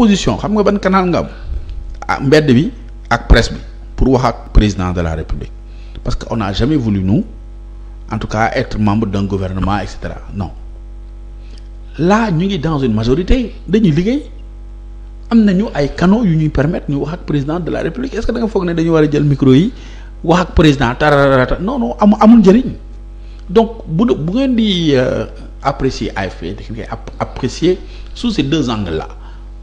opposition xam nga ban canal nga ah mbedd bi ak presse bi pour wax ak président de la république parce que on n'a jamais voulu nous en tout cas être membre d'un gouvernement et cetera non là ñu ngi dans une majorité dañuy liggéey am na ñu ay canaux yu ñuy permettre ñu wax ak président de la république est-ce que foog ne dañu war a jël micro yi wax ak président tararata non non am amul njëriñ donc bu bu ngeen di euh, apprécier AFP da ngeen koy apprécier sous ces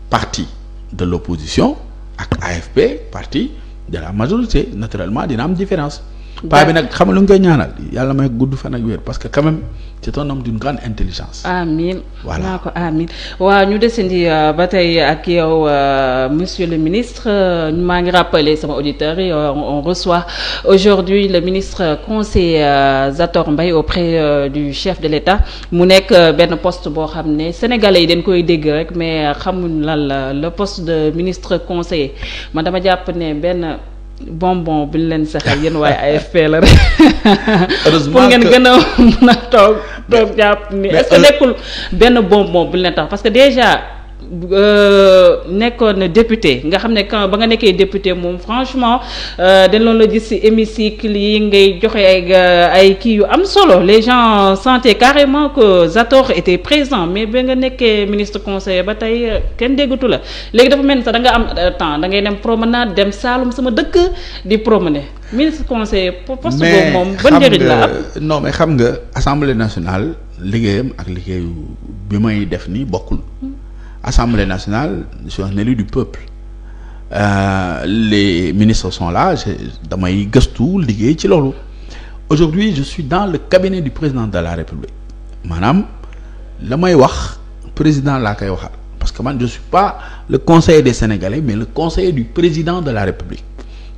parti de l'opposition ak AFP parti de la majorité naturellement dina am différence paa bi nag xam lu nga koy ñaanal yàlla may gudd fan ak wér parce que quand même c' est un homme d' une grande intelligence. amiin voilà naa ko amiin waaw ñu desandi euh, ba tey ak yow euh, monsieur le ministre maa ngi rappelé sama auditeurs yi on reçoit aujourd'hui le ministre conseiller euh, Zator mbay auprès du chef de l' état mu nekk benn poste boo xam ne sénégalais yi dañ koy dégg rek mais xamuñ lan la le poste de ministre conseiller man dama jàpp ne benn. bonbon bu leen saxal yéen waaye AFP la rek. pour ngeen gën a mën a toog toog jàpp ni. est nekkul benn bonbon bu leen tax parce que déjà. Euh, nekkoon député nga xam ne quand ba nga nekkee député moom franchement euh, de loon la gis ci hémicycle yi ngay joxe ay euh, ay kii yu am solo les gens sentaient carrément que Zator était présent mais ba nga nekkee ministre conseiller ba tey kenn déggatu la léegi dafa mel ni sax da nga am temps da ngay dem promenade dem Saalum sama dëkk di promener ministre conseiller poste boobu moom ban njëriñ la am non mais xam nga assemblée nationale liggéeyam ak liggéeyu bi may def nii bokkul hmm. Assemblée nationale je suis un élu du peuple euh, les ministres sont là damay gëstu liggéey ci loolu aujourd'hui je suis dans le cabinet du président de la République maanaam la may wax président laa koy waxal parce que man je suis pas le conseil de Sénégalais mais le conseiller du président de la République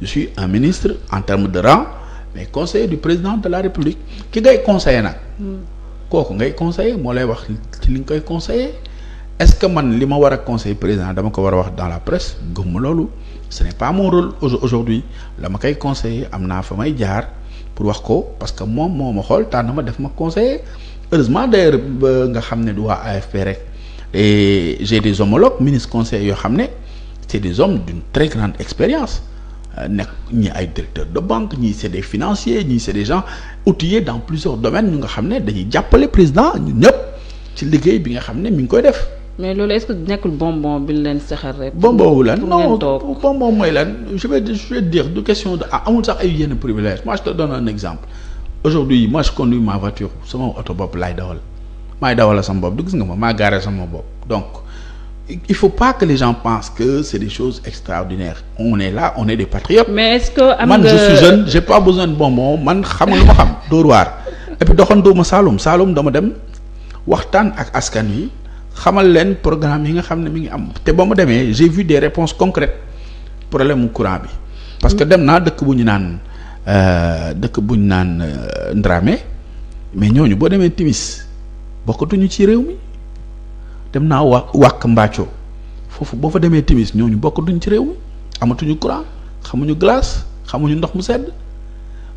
je suis un ministre en termes de rang mais conseiller du président de la République ki ngay conseiller nag hmm. kooku ngay conseiller moo lay wax ci li nga koy conseiller est-ce que man li ma war a conseil président dama ko war a wax dans la presse gëm loolu ce n'est pas mon rôle aujourd'hui la ma koy conseiller am naa fa may jaar pour wax ko parce que moom moo ma xool na ma def ma conseil heureusement d'ailleurs ba nga xam ne du waa AFP rek et j'ai des homologues ministres yoo xam ne c'est de hommes d'une très grande expérience euh, nekk ñi ay directeurs de banque ñi c'est des financier ñii c'est des gens outillés dans plusieurs domaines nga xam ne dañuy jàppale président ñëpp ci liggéey bi nga xam ne mi ngi koy def mais loolu est-ce que nekkul bonbon bi leen saxal rek. bonbon wu lan non bonbon mooy lan je vais dire du question de ah, amul sax ay yenn privilège moi je te donne un exemple aujourd'hui moi je ma voiture sama oto bopp laay dawal maay dawal sama bopp du gis nga ma maa garé sama bopp donc il faut pas que les gens pensent que c'est des choses extraordinaires on est là on est des patriotes. mais est que man je suis jeune j'ai pas besoin de bonbon man xam lu ma xam Dóor waar et puis doxanduma Saloum Saloum dama dem waxtaan ak askan wi. xamal leen programme yi nga xam ne mi ngi am te ba mu demee j'ai vu des réponses concrètes problème mu courant bi parce que mm. dem naa dëkk bu ñu naan euh, dëkk bu ñu naan euh, Ndramé mais ñooñu boo demee timis bokkatuñu ci réew mi dem naa wa wàkk mbàccoo foofu boo fa demee timis ñooñu bokkatuñ ci réew mi amatuñu courant xamuñu glace xamuñu ndox mu sedd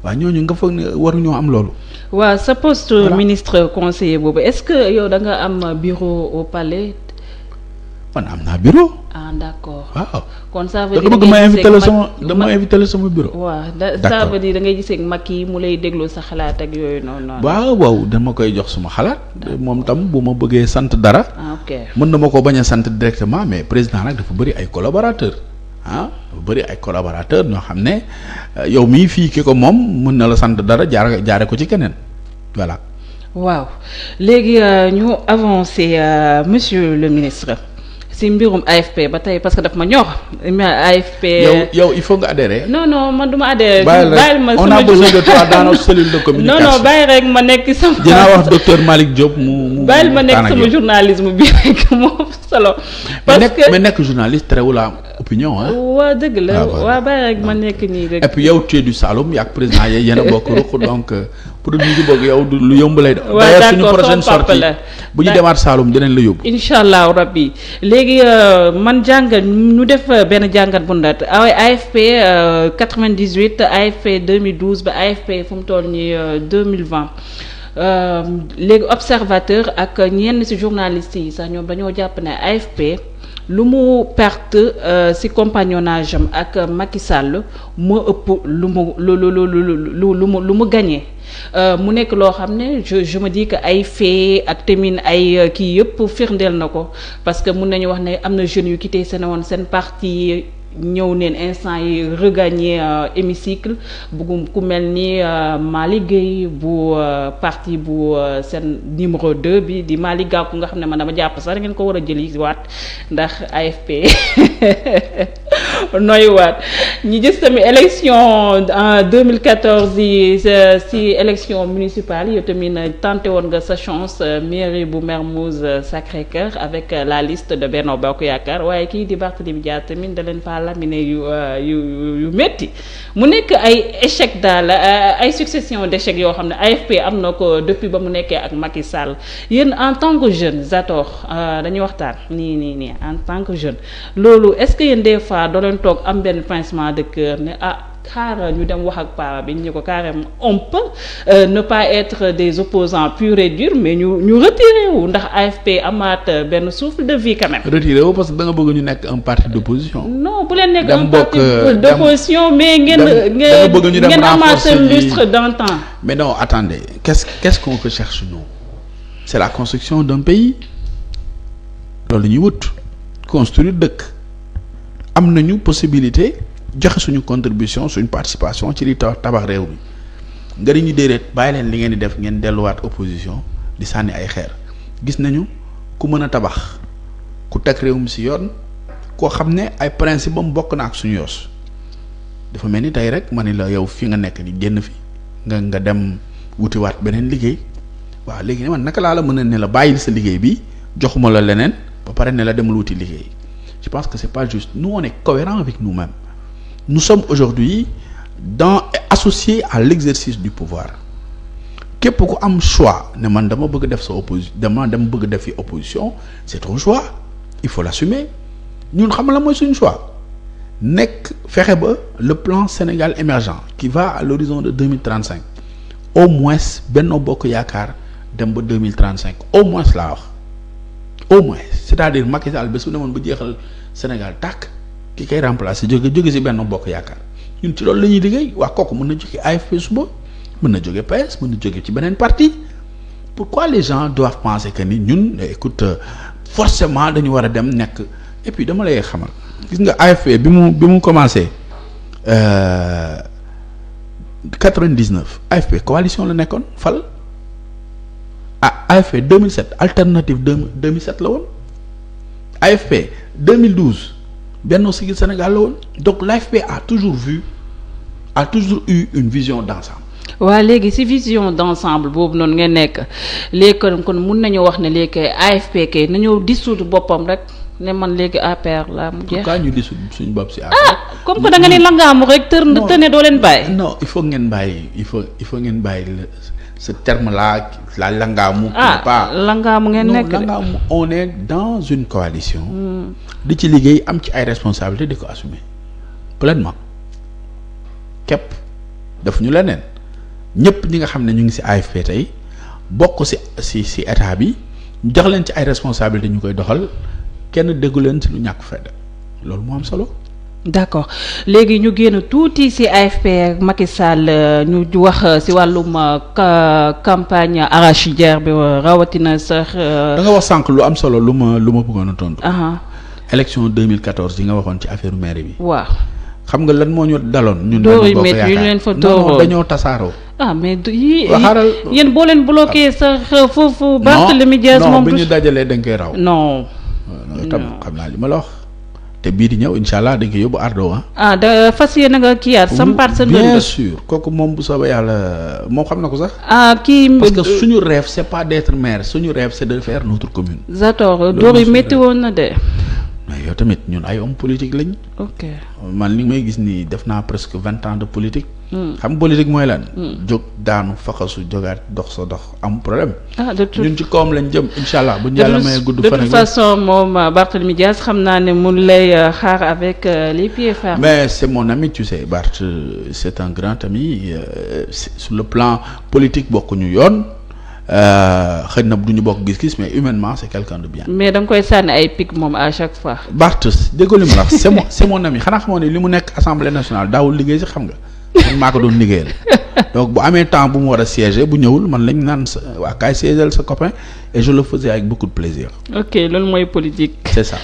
waaw ñooñu nga foog waruñoo am loolu. waa sa post ministre conseiller boobu est-ce que yow da nga am bureau au pale man am naa bureau. ah d'accord waaw. kon ça veut bëgg ma invité la sama dama invité la sama bureau. waaw da ça veut dire da gisee mag yi mu lay déglu sa xalaat ak yooyu noonu. waaw waaw dama koy jox suma xalaat. moom tam bu ma bëggee sant dara. Ah, ok mën na ma ko bañ sant directement mais président nag dafa bëri ay collaborateurs. ah bëri ay collaborateur ñoo xam ne euh, yow mii fii ki ko moom mun na la sant dara jaar jaare ko ci keneen voilà waaw léegi euh, ñu avancer euh, monsieur le ministre si mbirum AFP ba tey parce que daf ma ñor AFP. yow yow il faut nga adhérer. non non man du ma adhérer. bàyyi ma on a besoin de toi dans de communication. nekk sama. dinaa bi rek moom solo. parce que mais nekk journaliste terewul a am opinion ah. dëgg la ah, waaw bàyyi rek ma nekk nii rek. et puis yow tu du Saloum yaa président yéen bokk donc. Euh, produit bi boog yow lu yomb lay def. waaw d' accord prochaine bu ñu demaat Saalum dinañ la yóbbu. incha allahu rabbi léegi euh, man jàngat ñu def euh, benn jàngat bu ndaat waaye AFP 98 AFP 2012 ba AFP fu mu toll nii 2020. Euh, léegi observateur ak ñenn ci journalistes yi sax ñoom dañoo jàpp ne AFP. lu mu perte euh, ci compagnonnage am ak Macky mu ëpp lu mu lu lu lu lu lu mu lu mu gagné euh, mu nekk loo xam ne je je di dis ay fee ak tamit ay euh, kii yëpp firndeel na ko parce que mun nañu wax ne am na jeunes yu quitté seen woon seen parti. ñëw neen instant yi regagner euh, hémicycle bu ku mel ni euh, Malick Gueye bu euh, parti bu seen numéro 2 bi di maali Gakou nga xam ne man dama jàpp sax ngeen ko war a jëli waat ndax AFP noyuwaat ñu gis tamit élection en euh, 2014 yi euh, si élection municipale yow tamit tenté woon nga sa chance euh, mairie bu Mermoz Sacré-Cœur avec la liste de Benno Bokk Yaakaar waaye kii di Barthélémy Dias tamit da leen faa laminé yu yu yu métti mu nekk ay échec daal ay succession d'échecs yoo xam ne AFP am na ko depuis ba mu nekkee ak Macky Sall yéen en tant que jeune Zator dañuy waxtaan nii nii nii en tant que jeune loolu est-ce que yéen des fois fois doo leen toog am benn pincement de cœur ne ah xaaral ñu dem wax ak para bi ñu ko carrément on peut euh, ne pas être des opposants purs et durs mais ñu ñu retiré wu ndax AFP amaat benn souffle de vie quand même. parce que da nga bëgg ñu nekk un parti d' opposition. non bu leen nekk un parti euh, d' mais ngeen ngeen ngeen amaat lustre d' antan. mais non attendez qu' est qu' est ce qu'on recherche nous c' est la construction d' un pays loolu ñuy am na ñu possibilité joxe suñu contribution suñu participation ci li tax tabax réew mi nga di ñu déedéet bàyyi leen li ngeen di def ngeen delluwaat opposition di sànni ay xeer gis nañu ku mën a tabax ku teg réew mi si yoon koo xam ne ay principe am bokk na ak suñu yoos dafa mel ni tey rek ma ne la yow fi nga nekk ni génn fi nga nga dem wutiwaat beneen liggéey waaw léegi man naka laa la mën a nela la bàyyil sa liggéey bi joxuma la leneen ba pare ne la demul liggéey je pense que c'est pas juste nous on est cohérent avec nous-mêmes nous sommes aujourd'hui dans associé à l'exercice du pouvoir képp ku am choix ne man dama bëgg def sa opposition dama dama bëgg def fi opposition c'est ton choix il faut l'assumer ñun xam la mooy suñu choix nekk fexe ba le plan Sénégal émergent qui va à l'horizon de 2035 au moins Benno Bokk Yaakaar dem ba 2035 au moins laa wax au moins c'est-à-dire Macky Sall su bu demoon ba jeexal Sénégal tàkk ki koy remplacer jóge jóge si benn bokk yaakaar ñun ci loolu la ñuy liggéey waa kooku mën na jóge AFP suba mën na jóge PS mën na jóge ci beneen parti pourquoi les gens doivent penser que ni ñun écoute forcément dañu war a dem nekk et puis dama lay xamal gis nga AFP bi mu bi mu commencé euh, quatre-vingt-dix-neuf AFP coalition la nekkoon fal AFP 2007 alternative 2007 la woon AFP 2012 Benno Siggil Sénégal la woon donc l'AFP a toujours vu a toujours eu une vision d'ensemble waaw léegi ci vision d'ensemble boobu noonu ngeen nekk léegi kon mun nañoo wax ne léegi AFP kay nañoo dissoudre boppam rek ne man léegi APR laa mu jeex. pourquoi ñu dissoudre suñu bopp ci APR. ah comme que da nga ne langaamu rek. tër te ne doo leen bàyyi. non il faut ngeen bàyyi il faut ngeen bàyyi ce terme-là la langaamu. ah pas. langaamu ngeen nekk de non langaamu on est dans une coalition. Hmm. di ci liggéey am ci ay responsabilités di ko assumer pleinement képp daf ñu leneen ñëpp ñi nga xam ne ñu ngi ci AFP tey bokk ci ci ci état bi jox leen ci ay responsabilités ñu koy doxal kenn déggu leen ci lu ñàkk fedd loolu moo am solo. d'accord léegi ñu génn tuuti ci AFP ak Macky Sall euh, ñu wax euh, ci wàllum euh, campagne arachidière bi rawatina sax. da nga wax sànq lu am solo lu ma lu ma bëggoon a tontu. mille 2014 yi nga waxoon ci affaire mairie bi. waaw xam nga lan moo ñu daloon. ñun dañoo bokk yaakaar non dañoo tasaaroo. ah mais yii yéen boo leen bloqué ah. sax foofu. Barthélémy Dias moom non bi ñu dajalee dañ raw. non. non xam naa li ma la wax. te bii ñëw incha allah yóbbu ardo ah. ah. da fas yéene nga kii yaat sampaat sa. bien sûr kooku moom bu soobee yàlla moom xam na ko sax. ah kii parce que suñu rêve c'est pas d'être maire suñu rêve c'est de faire notre commune. Zator dóor yi woon na de. yow tamit ñun ay homme politique lañ. ok man li may gis nii def naa presque vingt ans de politique. Hmm. xam politique mooy lan. Hmm. jóg daanu faxasu jógaat dox sa dox am problème. ah ñun ci koom lañ jëm incha allah bu ñu yàlla may gudd. fan de toute façon moom euh, Barthélemy Dias xam naa ne mun lay euh, xaar avec euh, les pieds fermes. mais c' est mon ami tu sais Barth c' est un grand ami sur le plan politique bokkuñu yoon. Euh, xëy na du ñu bokk gis-gis mais humainement c'est quelqu'un de bien. mais danga koy sànni ay pic moom à chaque fois. Barth déggoo li ma la wax c'est mon c'est xanaa xamoon ne li mu nekk assemblée nationale daawul liggéey si xam nga. man maa ko doon liggéeyal donc bu amee temps bu mu war a siéger bu ñëwul man lañ naan sa waa kaay siégel sa copain et je le faisais avec beaucoup plaisir. ok loolu mooy politique. c'est ça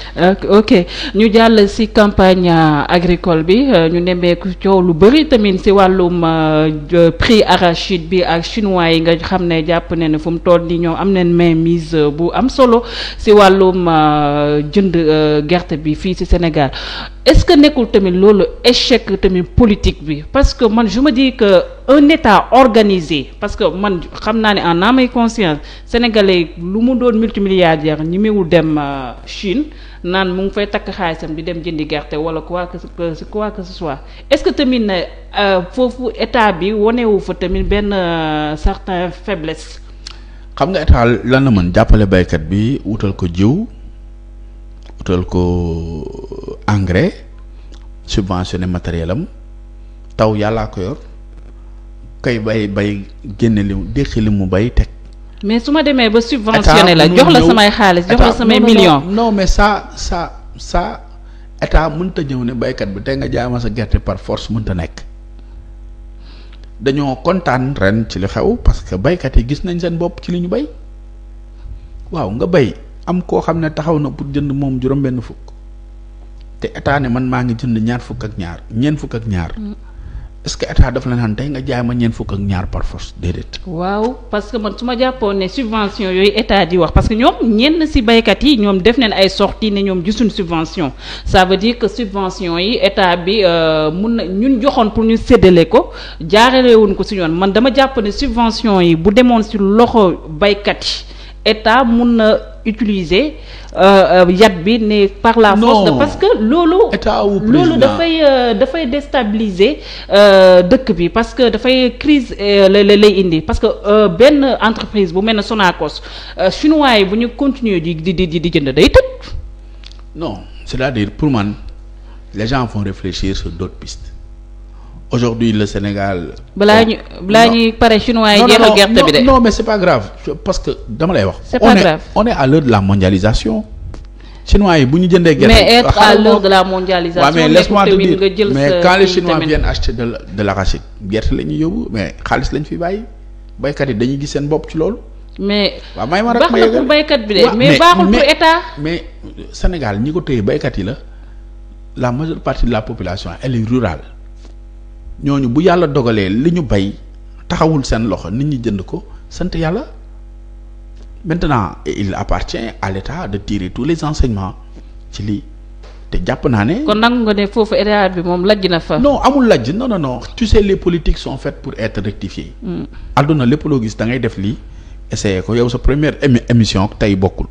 ok ñu jàll ci campagne agricole bi euh, ñu nemmeeku coow lu bari tamit ci wàllum euh, euh, prix arachide bi ak chinois yi nga xam ne jàpp ne ne fu mu toll nii ñoom am nañ mainmise bu am solo ci wàllum jënd gerte bi fii ci Sénégal. est-ce que nekkul tamit loolu échec tamit politique bi parce que man je me dis un état organisé parce que man xam naa ne en âme et conscience sénégalais lu mu doon multimilliardaire ñi mewul dem euh, Chine naan mu ngi fay takk xaalisam di dem jëndi gerte wala quoi que quoi que ce soit est-ce que tamit na euh, foofu état bi wanewu fa tamit benn euh, certain faiblesse. xam nga état lan la mën jàppale baykat bi wutal ko jiw. utal ko euh, engrais subventionné matériel am taw yàllaa ko yor kay bay bay génne li déqi li mu bay teg mais su ma demee ba subventionné la jox la samay xaalis jox la samay million non mais saa saa saa état mënta ñëw ne baykat bi tey nga jaay ma sa gerte par force mënta nekk dañoo kontaan ren ci li xew parce que baykat yi gis nañ seen bopp ci lu ñu bay waaw nga bay am koo xam ne taxaw na pour jënd moom juróom-benn fukk te état ne man maa ngi jënd ñaar fukk ak ñaar ñeent fukk ak ñaar. Mm. est-ce que état daf la naan tey nga jaay ma fukk ak ñaar par force déedéet. waaw parce que man su ma jàppoon ne subvention yooyu état di wax parce que ñoom ñenn ci baykat yi ñoom def nañ ay sorties ne ñoom gisuñ subvention ça veut dire que subvention yi état bi euh, mun na ñun joxoon pour ñu séddale ko jaarale wuñ ko ci ñoon man dama jàpp ne subvention yi bu demoon ci loxo baykat yi. état mun na utiliser euh, euh, yat bi ne par la force parce que loolu loolu dafay euh, dafay déstabiliser dëkk bi parce que dafay crise la lay indi parce que benn entreprise bu mel ne Sonacos chinois bu ñu continuer di di di di jënd day tëj non c'est-à-dire pour man les gens vont réfléchir sur d'autres pistes aujourd'hui le Sénégal. balaa ñu balaa ñuy pare chinois yi jeexal gerte bi de. non mais c'est pas grave parce que dama lay wax. c'est pas grave on à l'heure de la mondialisation. chinois yi bu ñu jëndee gerte. mais être à de la mondialisation. mais laisse-moi te dire mais quand de la gerte la ñuy yóbbu mais xaalis lañu fi bàyyi baykat yi dañuy gis seen bopp ci loolu. mais a baax na pour baykat bi de mais baaxul pour état. mais Sénégal ñi ko téye baykat yi la la majeure partie de la population elle est rurale. ñooñu bu yàlla dogalee li ñu bay taxawul seen loxo nit ñi jënd ko sant yàlla maintenant il appartient à de tirer tous les enseignements ci lii te jàpp naa ne. kon nangu nga ne foofu état bi moom lajj na fa. no amul lajj non non non tu sais les politiques sont faites pour être rectifiées. Hmm. àdduna lépp loo gis da ngay def lii essayé ko yow sa première émi émission tey bokkul.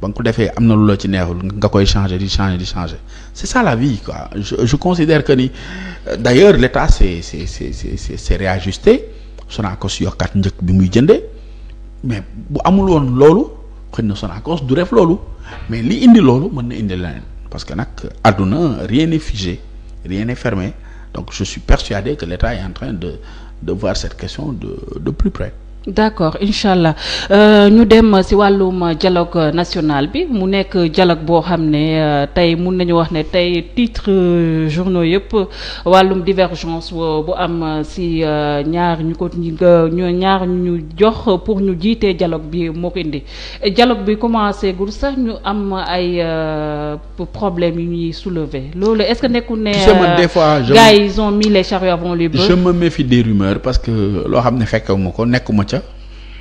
ba nga ko defee am na lu la ci neexul nga koy changer di changer di changer c'est ça la vie quoi je considère que ni euh, d'ailleurs l'État c'est c'est c'est c'est c'est réajusté Sonacos njëkk bi muy jëndee mais bu amul woon loolu xën na Sonacos du def loolu mais li indi loolu mën na indi leneen parce que nag àdduna rien n'est figé rien n'est fermé donc je suis persuadé que l'État est en train de de voir cette question de de plus près d'accord incha allah euh, ñu dem si wàllum dialogue national bi mu nekk dialogue boo xam ne euh, tey mun nañu wax ne tey titre euh, journaux yëpp wàllum divergence bu am si ñaar ñu ko ñu ñaar ñu jox pour ñu jiitee dialogue bi moo ko indi dialogue bi commencé gul sax ñu am ay problèmes yu ñuy soulever loolu est-ce que nekkul ne. des fois je avant les bœufs. je me méfie des rumeurs parce que loo xam ne fekkewuma ko nekkuma ca.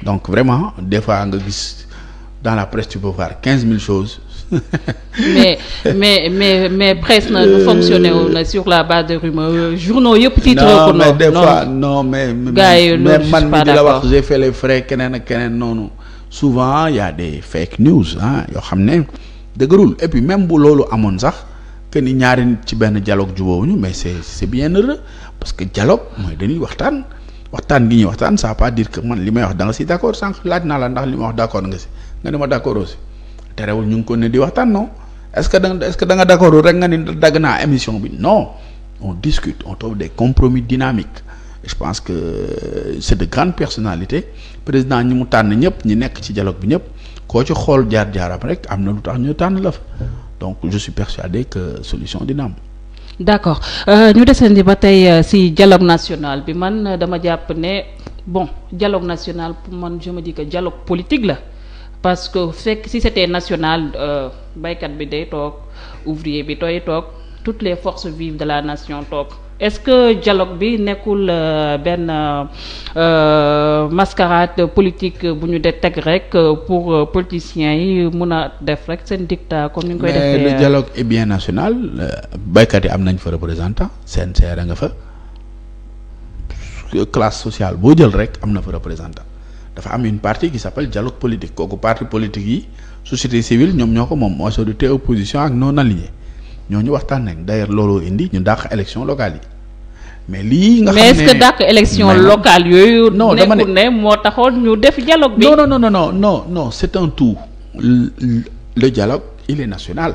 donc vraiment des fois nga gis dans la presse tu peux quinze mille choses. mais mais mais mais na nu euh, fonctionné wu na sur la base de rumeur journaux yëpp titre ko non mais mais. gars man mi la wax j'ai fait keneen ak keneen noonu. souvent ya a des fake news ah yoo xam ne dëgërul et puis même bu loolu amoon sax que ni ñaari nit ci benn dialogue jubóowuñu mais c'est c'est bien heureux parce que dialogue mooy dañuy waxtaan. waxtaan gi ñuy waxtaan ça pas dire que man li may wax da nga si d' accord sànq laaj naa la ndax li ma wax d' nga si nga ne ma d' accord aussi terewul ñu ngi ko ne di waxtaan non est ce que da nga est ce que da nga d' accord rek nga ni dagg naa émission bi non on discute on trouve des compromis dynamiques je pense que euh, c' est de grandes personnalités président ñi mu tànn ñëpp ñi nekk ci dialogue bi ñëpp koo ci xool jaar jaaram rek am na lu tax ñu tànn la fa donc je suis persuadé solution dina d' accord euh, ñu desandi ba tey euh, si dialogue national bi man euh, dama jàpp ne bon dialogue national pour man je me dis dialogue politique la parce que fekk si c' nationale national baykat bi day toog ouvrier bi tooy toog toutes les forces vives de la nation toog. est-ce que dialogue bi nekkul euh, benn euh, mascarade politique bu ñu de teg rek euh, pour politiciens yi mun a def rek seen dictat comme ni ñu koy defee mais dialogue est bien national béykat yi am nañ fa représentant CNCR a nga fa classe sociale boo jël rek am na fa représentant dafa am une partie qui s'appelle dialogue politique kooku parti politique yi société civile ñoom ñoo ko moom majorité opposition ak non aligné ñooñu waxtaan nañ d'ailleurs looloo indi ñu dàq élection locale yi mais lii nga xam ne mais est dàq élection locale yooyu. non dama ne moo taxoon ñu def dialogue bi. non non non non non non c'est un le dialogue il national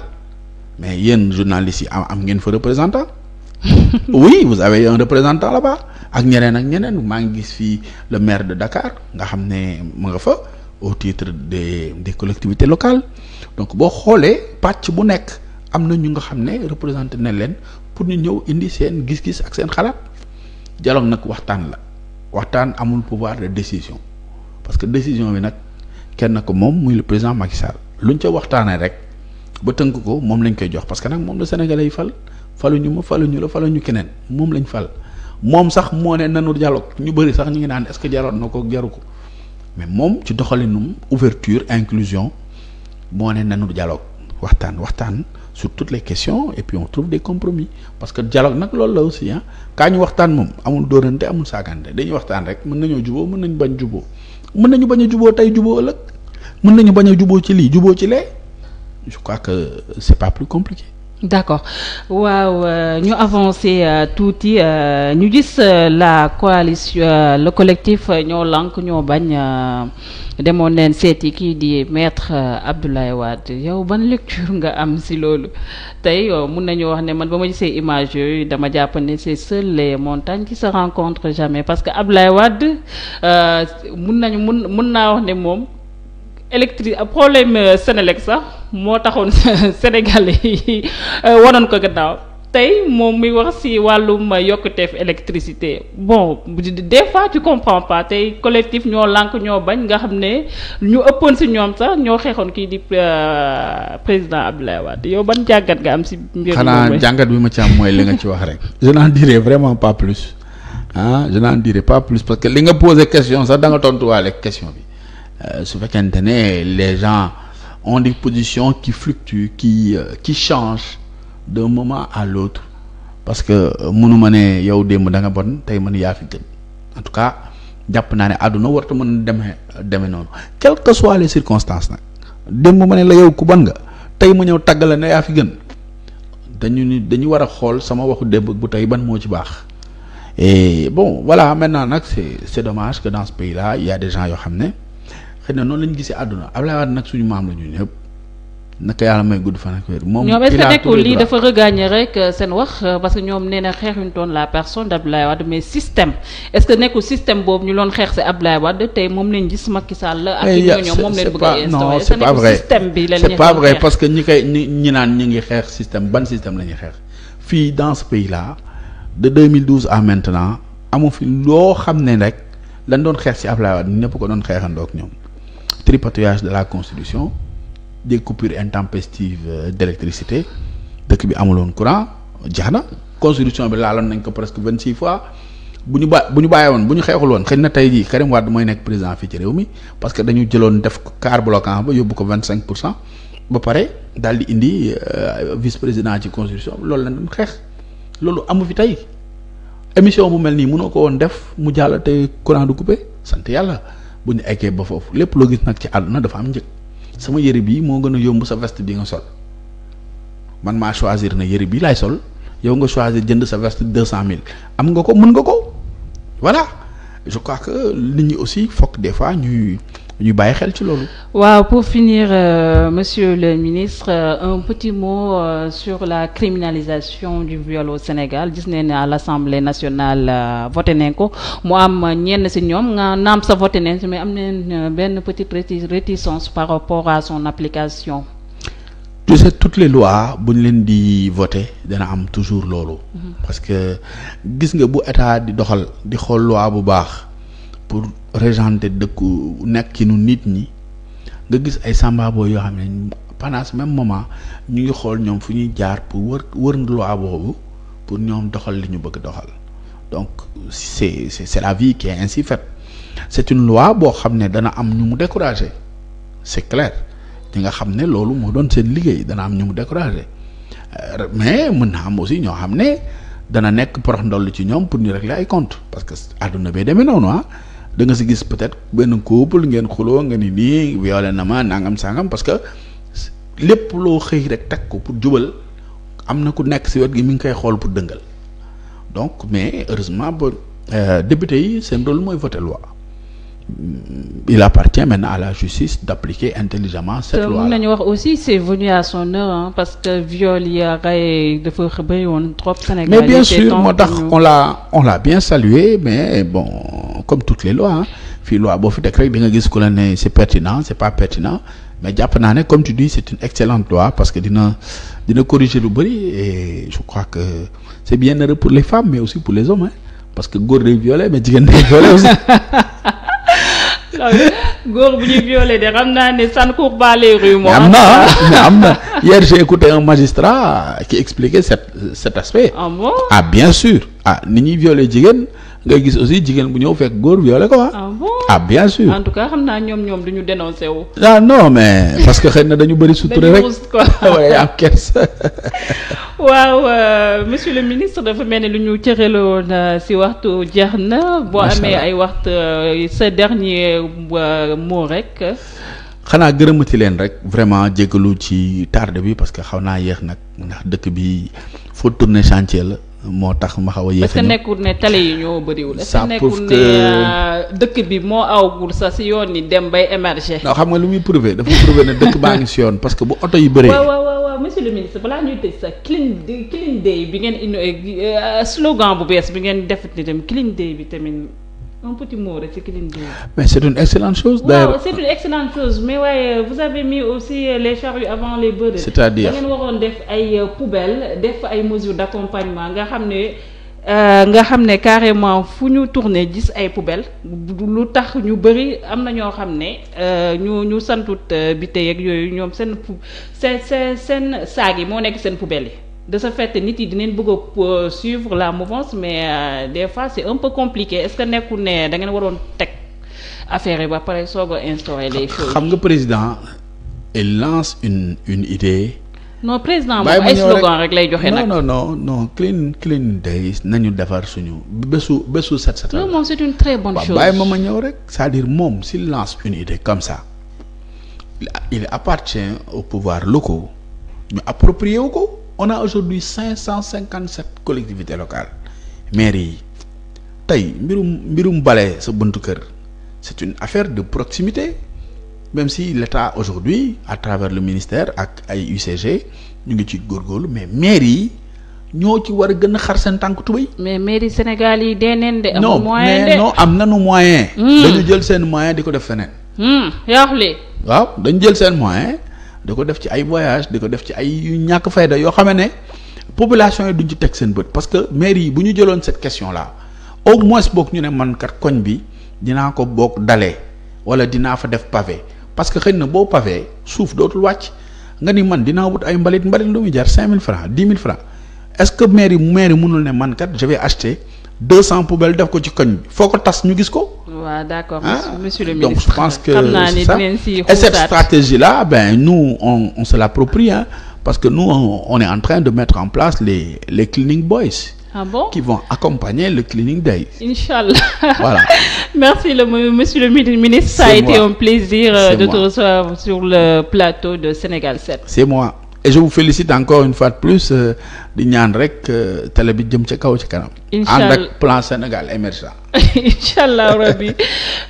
mais yéen journalistes yi am am ngeen fa représentant. oui vous avez un représentant là-bas ak ñeneen ak ñeneen maa ngi gis fii le maire de Dakar nga xam ne mu nga fa au titre des des collectivités locales donc boo xoolee pàcc bu nekk. am na ñu nga xam ne représenté nañ leen pour ñu ñëw indi seen gis-gis ak seen xalaat dialogue nag waxtaan la waxtaan amul pouvoir de décision parce que décision bi nag kenn ko moom muy le président Macky Sall luñ ca waxtaanee rek ba tënk ko moom lañ koy jox parce que nag moom la Sénégalais yi fal ñu ma ñu la ñu keneen moom lañ fal moom sax moo ne nanu dialogue ñu bëri sax ñu ngi naan est-ce que jaroon na ko jaru ko mais moom ci doxalinum ouverture inclusion moo ne nanu waxtaan waxtaan sur toutes les questions et puis on trouve des compromis parce que dialogue nag loolu la aussi ah kaa ñu waxtaan moom amul dorante amul saagante dañu waxtaan rek mën nañoo juboo mën nañu bañ juboo mën nañu bañ a juboo tey juboo ëllëg mën nañu bañ a juboo ci lii juboo ci lee je crois que c'est pas plus compliqué d'accord waaw euh, ñu avancé euh, tuuti euh, ñu gis la coalition la collectif ñoo lank ñoo bañ demoon neen seeti kii di maître Abdoulaye Wade yow ban lecture nga am si loolu tey yow mun nañu wax ne man ba ma gisee image yooyu dama jàpp ne c'est seules les montagnes qui se rencontrent jamais parce que Abdoulaye Wade mun nañu mun mun naa wax ne moom électrique problème euh, Sénélec sax moo taxoon Sénégalais yi euh, wanoon ko gannaaw tey moom muy wax ci wàllum yokkuteef électricité bon des fois tu comprends pas tey collectif ñoo lànk ñoo bañ nga xam ne ñu ëppoon ci ñoom sax ñoo xeexoon kii di euh, président Abdoulaye Wade yow ban jàngat nga am ci mbir xanaa jàngat bi ma ci am mooy li nga ci wax rek. je n'en dirai vraiment pas plus ah je n'en dirai pas plus parce que li nga posé question sax da nga question bi. Euh, su fekkente ne les gens ont des positions ki fluctuent qui euh, qui changent d'un moment à l'autre parce que euh, mënu ma ne yow démb da nga bon tey man yaa fi gën en tout cas jàpp naa ne àdduna warta mën a demee demee noonu quelles que soient les circonstances nag démb ma ne la yow ku ban nga tey ma ñëw tàggale ne yaa fi gën dañu ni dañu war a xool sama waxu démb bu tey ban moo ci baax et bon voilà maintenant nag c'est c'est dommage que dans pays là il y a gens yoo xam ne xëy na noonu la ñu gisee àdduna Abdoulaye Wade nag suñu maam la ñu ñëpp naka yàlla may gudd fan ak wér. moom ñoom est-ce lii dafa regagner rek euh, seen wax euh, parce que ñoom nee na xeexuñu doon la personne d'Abdoulaye Wade mais système est que nekkul système boobu ñu doon xeex si Abdoulaye Wade tey moom lañ gis eh, moom lañ bëgg a instauré c'est pas vrai système bi lañ c'est pas parce que ñi koy ñi naan ñi ngi xeex système ban système la ñuy xeex fii dans ce pays là de 2012 à maintenant amu fi loo xam ne rek lañ doon xeex si Abdoulaye ñëpp ko doon xeexandoo ak ñoom tripatouillage de la constitution des coupures intempestives euh, d'électricité dëkk bi amuloon courant jeex na constitution bi laaloon nañ ko presque vingt six fois bu ñu ba bu ñu bàyyi woon bu ñu xeexul woon xëy na tey jii Karim Wade mooy nekk président fii ci réew parce que dañu jëloon def quart bloquant ba yóbbu ko vingt cinq pour cent ba pare daal di indi euh, vice président ci constitution loolu la doon xeex loolu amu fi tey émission bu mel nii munoo ko woon def mu jàll te courant du coupé sant yàlla. bu ñu eggee ba foofu lépp loo gis nag ci àdduna dafa am njëg sama yëre bii moo gën a yomb sa veste bi nga sol man maa choisir na yëre bii laay sol yow nga choisir jënd sa veste deux cent mille am nga ko mën nga ko voilà je crois que nit ñi aussi fokk des fois ñuy. ñu bàyyi xel ci loolu. waaw pour finir euh, monsieur le ministre euh, un petit mot euh, sur la criminalisation du viol Sénégal gis na ne à l'Assemblée nationale euh, voté nañ ko mu am ñenn si ñoom nga naam sa voté nañ ci mais am nañ euh, benn petite réticence par rapport à son application. tu sais toutes les lois bu ñu leen di voté dana am toujours loolu. Mm-hmm. parce que gis nga bu état di doxal di xool loi bu baax. pour régenter dëkku nekk nekkinu nit ñi nga gis ay sambabo yoo xam ne pendant ce même moment ñu ngi xool ñoom fu ñuy jaar pour wër wër loi boobu pour ñoom doxal li ñu bëgg doxal donc c'est c'est c'est la vie qui est ainsi faite c'est une loi boo xam ne dana am ñu mu décourager c'est clair ñi nga xam ne loolu moo doon seen liggéey dana am ñu mu décourager euh, mais mën na am aussi ñoo xam ne dana nekk porox ndoll ci ñoom pour ñu régler ay compte parce que àdduna bee demee noonu ah da nga si gis peut-être benn couple ngeen xuloo nga ni nii violé na ma nangam sangam parce que lépp loo xëy rek teg ko pour jubal am na ku nekk si wet gi mi ngi koy xool pour dëngal donc mais heureusement ba euh, député yi seen rôle mooy voter loi il appartient maintenant à la justice d'appliquer intelligemment cette loi. mun nañu wax aussi c'est venu à son heure parce que viol yi rey dafa bëri woon trop Sénégal. mais bien sûr moo tax on l'a on l'a bien salué mais bon comme toutes les lois fii loi boo fi teg rek di nga gis ku la ne c'est pertinent c'est pas pertinent mais jàpp ne comme tu dis c'est une excellente loi parce que dina dina corriger lu bëri et je crois que c'est bien heureux pour les femmes mais pour les hommes parce que góor góor bu ñu violé de xam naa ne ça ne court pas les rues moom. am na mais am na hier j'ai écouté un magistrat qui expliquait cet cet aspect. ah bon ah bien sûr ah ni ñuy violé jigéen ngay gis aussi jigéen bu ñëw fekk góor violé ko ah. Ah ah bien sûr en tout cas xam naa ñoom ñoom du ñu dénoncé wu. ah non mais parce que xëy na dañu bëri sutura rek dañu am kersa. waaw euh, monsieur le ministre dafa mel ni lu ñu cëraloon euh, si waxtu jeex na. boo amee ay waxtu euh, sa dernier mot rek. xanaa gërëmati leen rek vraiment jéggalu ci tarde bi parce que xaw naa yéex nag ndax dëkk bi faut tourner chantier la. moo tax ma xaw a yéex. parce que nekkul ne tali yi ñoo bëriwul. ça nekkul euh, dëkk bi moo awgul sa si yoon ni dem bay émerger. non xam nga lu muy prouver dafa prouver ne dëkk baa ngi si yoon parce que bu oto yi bëree. waaw waaw waaw monsieur le ministre balaa ñuy tëj sax clean clean day bi ngeen inno euh, slogan bu bees bi ngeen def ni tamit clean day bi tamit. un petit mot rek ci clean bio. mais c'est une excellente chose. d'ailleurs waaw c'est une excellente chose mais waaye ouais, vous avez mis aussi les charrues avant les bœufs. c'est-à-dire da ngeen waroon def ay euh, poubelles def ay mesures d'accompagnement nga xam ne. Euh, nga xam ne carrément fu ñu tourné gis ay poubelles lu tax ñu bëri am na ñoo xam ne euh, ñu ñu santut bi tey ak yooyu ñoom seen pu seen seen saag yi moo nekk seen poubelles yi. de ce nit yi dinañ bëgg a euh, suivre la mouvance mais euh, des fois c'est un peu compliqué est-ce que nekkul ne da ngeen waroon teg affaire yi ba pare soog a instaurer les choses. xam nga président il lance une une idée. no président moom ay slogan rek lay joxe nag non non non clean clean nañu defar suñu bésu bésu set setal. non moom c'est une très bonne chose bàyyi ma ma ñëw rek c'est-à-dire moom s'il lance une idée comme ça il appartient au pouvoir locaux ñu approprié wu ko. on a aujourd'hui cinq cent cinquante sept collectivités locales maires yi tey mbirum mbirum bale sa buntu kër c'est une affaire de proximité même si l'État aujourd'hui à travers le ministère ak ay UCG ñu ngi ci góor góorlu mais maires yi ñoo ci war a gën a xar seen tànk tubéy. mais mairie Sénégal yi dee neen de. amul moyen de non non am nanu moyen. Hmm. dañu jël seen moyen di ko def feneen. Hmm, yaa waaw dañu jël seen moyen di ko def ci ay voyage di ko def ci ay yu ñàkk fayda yoo xam ne population yi duñ teg seen bët parce que maire yi bu ñu jëloon cette question là au moins boog ñu ne mankat koñ bi dinaa ko boog dalee wala dinaa fa def pavé parce que xëy na boo pavé suuf dootul wàcc nga ni man dinaa wut ay mbalit mbalit lu muy jar cinq mille francs dix mille francs est-ce que maire yi maire mënul ne mankat kat je de cent poubelles def ko ci koñ bi foo ko tas ñu gis ko. waaw d'accord ah, monsieur le ministre. et cette stratégie là ben nous on se l'approprie hein parce que nous on, est en train de mettre en place les les boys. Ah qui vont accompagner le cleaning day. Inch'Allah. voilà merci le monsieur le ministre. ça a été un plaisir. Euh, de te recevoir sur le plateau de Sénégal 7. c'est moi et je vous félicite encore une fois de plus. Euh, di ñaan rek euh, télé bi jëm ca kaw ci kanam. incha allah ànd ak plan Sénégal émergent. incha allah rabbi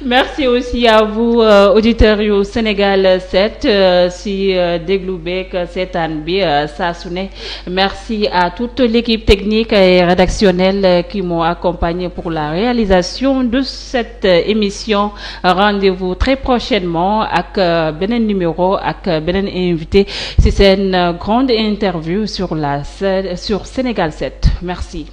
merci aussi à vous euh, auditeurs yu Sénégal 7 euh, si déglu beeg seetaan bi saa su ne merci à toute l'équipe technique et rédactionnelle qui m'ont accompagné pour la réalisation de cette émission rendez-vous très prochainement ak beneen numéro ak beneen invité grande interview sur la scène. sur Sénégal 7 merci